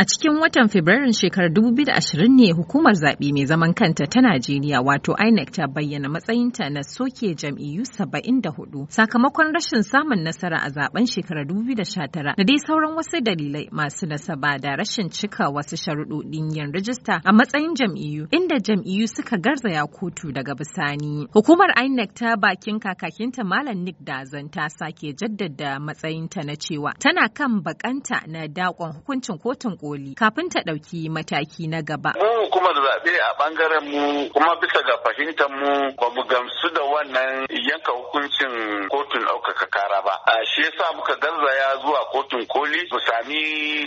A cikin watan Fabrairun shekarar 2020 ne hukumar zaɓe mai zaman kanta ta Najeriya wato INEC ta bayyana matsayinta na soke jam'iyyu 74 sakamakon rashin samun nasara a zaben shekarar 2019 da dai sauran wasu dalilai masu nasaba da rashin cika wasu sharuɗoɗin yin rajista a matsayin jam'iyyu inda jam'iyyu suka garzaya kotu daga bisani. Hukumar INEC ta bakin kakakinta Malam Nick Dazan ta sake jaddada matsayinta na cewa tana kan bakanta na dakon hukuncin kotun koli kafin ta ɗauki mataki na gaba. Mu kuma da zaɓe a ɓangaren mu kuma bisa ga fahimtar mu ba mu gamsu da wannan yanka hukuncin kotun ɗaukaka kara ba. A shi yasa muka garzaya zuwa kotun koli mu sami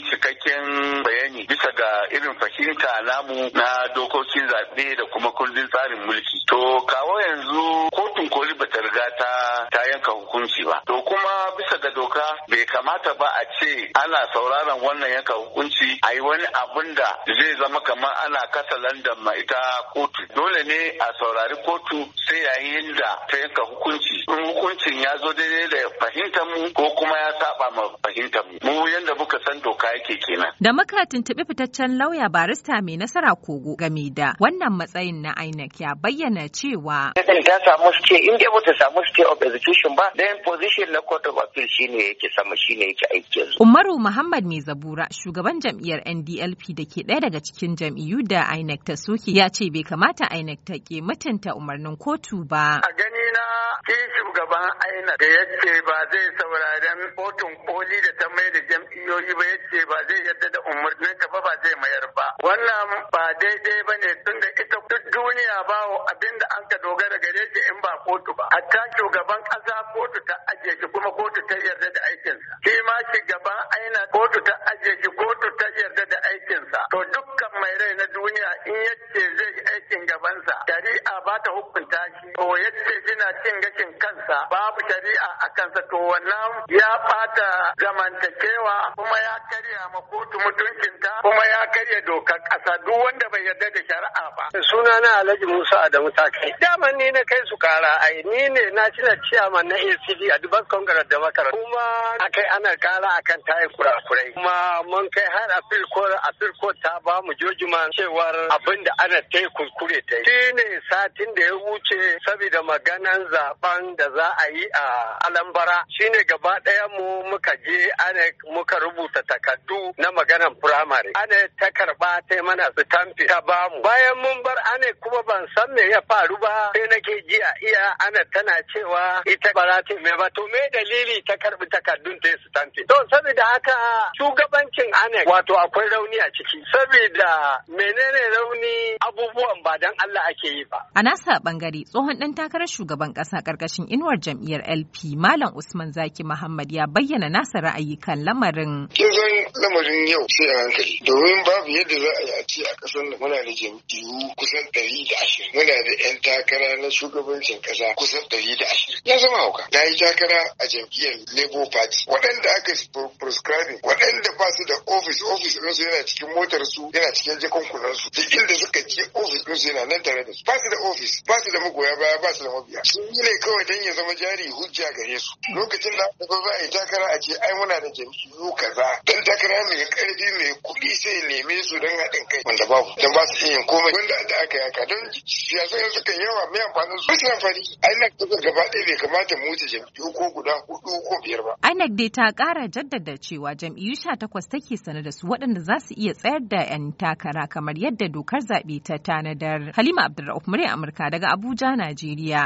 cikakken bayani bisa ga irin fahimta namu na dokokin zaɓe da kuma kundin tsarin mulki. To kawo yanzu kotun koli bata riga ta ta yanka hukunci ba. doka bai kamata ba a ce ana sauraron wannan yanka hukunci a yi wani abun da zai zama kamar ana kasa landan ma ita kotu dole ne a saurari kotu sai yayin da ta yanka hukunci in hukuncin ya zo daidai da fahimtar mu ko kuma ya saba ma fahimtar mu mu yanda muka san doka yake kenan da muka tuntubi fitaccen lauya barista mai nasara kogo game da wannan matsayin na INEC ya bayyana cewa ta samu suke in dai bata samu suke of execution ba then position na court of appeal shine yake sama shine yake aiki yanzu. Umaru Muhammad Mai Zabura shugaban jam'iyyar NDLP da ke ɗaya daga cikin jam'iyyu da INEC ta soke ya ce bai kamata INEC ta ke mutunta umarnin kotu ba. A gani na ke shugaban INEC da yace ba zai sauraren kotun koli da ta mai da jam'iyyoyi ba yace ba zai yarda da umarnin ta ba ba zai mayar ba. Wannan ba daidai ba ne tunda ita duniya wa abin da an ka dogara gare shi in ba kotu ba hatta shugaban ƙasa kotu ta ajiye shi kuma kotu ta yarda da aikinsa shi ma shugaban aina kotu ta ajiye shi kotu ta yarda da aikinsa to dukkan mai rai na duniya in yace zai aikin gabansa dari'a ba ta hukunta shi To yace yana cin kansa babu shari'a a kansa to wannan ya bata zamantakewa kuma ya karya ma kotu mutuncinta kuma ya karya dokar kasa duk wanda bai yarda da shari'a ba. Sunana Alhaji Musa Adamu take Dama ni na kai su kara ai ni ne na cina ciyaman na ACD a Dubas Congress da Makar. Kuma akai ana kara akan tayi kurakurai. Kuma mun kai har a Court a Court ta ba mu jojiman cewar abin da ana ta kuskure ta yi. Shi satin da ya wuce saboda maganan zaben da za za a yi a alambara shine gaba ɗaya mu muka je ana e muka rubuta takardu na maganan firamare ana e ta karba ta mana sitamfi ta bamu bayan mun bar ana e kuma ban san me ya faru ba sai nake ji a iya ana tana cewa ita ba za ba to me dalili ta karbi takardun ta sitamfi to saboda haka shugabancin ana wato akwai rauni a ciki saboda menene rauni abubuwan ba dan Allah ake yi ba a nasa bangare tsohon dan takarar shugaban kasa karkashin inuwar jam'iyyar LP Malam Usman Zaki Muhammad ya bayyana nasa ra'ayi kan lamarin. Kin san lamarin yau sai a hankali domin babu yadda za a yi a ce a ƙasar da muna da jam'iyyu kusan ɗari da ashirin muna da 'yan takara na shugabancin kasa kusan ɗari da ashirin. Ya zama hauka. Na yi takara a jam'iyyar Labour Party waɗanda aka prescribing waɗanda ba su da ofis ofis ɗinsu yana cikin motar su yana cikin kunan su duk inda suka je ofis ɗinsu yana nan tare da su ba su da ofis ba su da magoya baya ba su da mabiya. Sun yi ne kawai don ya zama jari hujja gare su lokacin da aka za a yi takara a ce ai muna da jam'iyyu kaza dan takara mai karfi mai kuɗi sai neme su don haɗin kai wanda babu dan ba su yin komai wanda da aka yaka don siyasa yanzu kan yawa mai amfani su suna fari na ta gaba ɗaya bai kamata mu wuce jami'u ko guda hudu ko biyar ba INEC dai ta ƙara jaddada cewa jam'iyyu sha takwas take sane da su waɗanda za su iya tsayar da 'yan takara kamar yadda dokar zaɓe ta tanadar Halima Abdulrahman murya Amurka daga Abuja Najeriya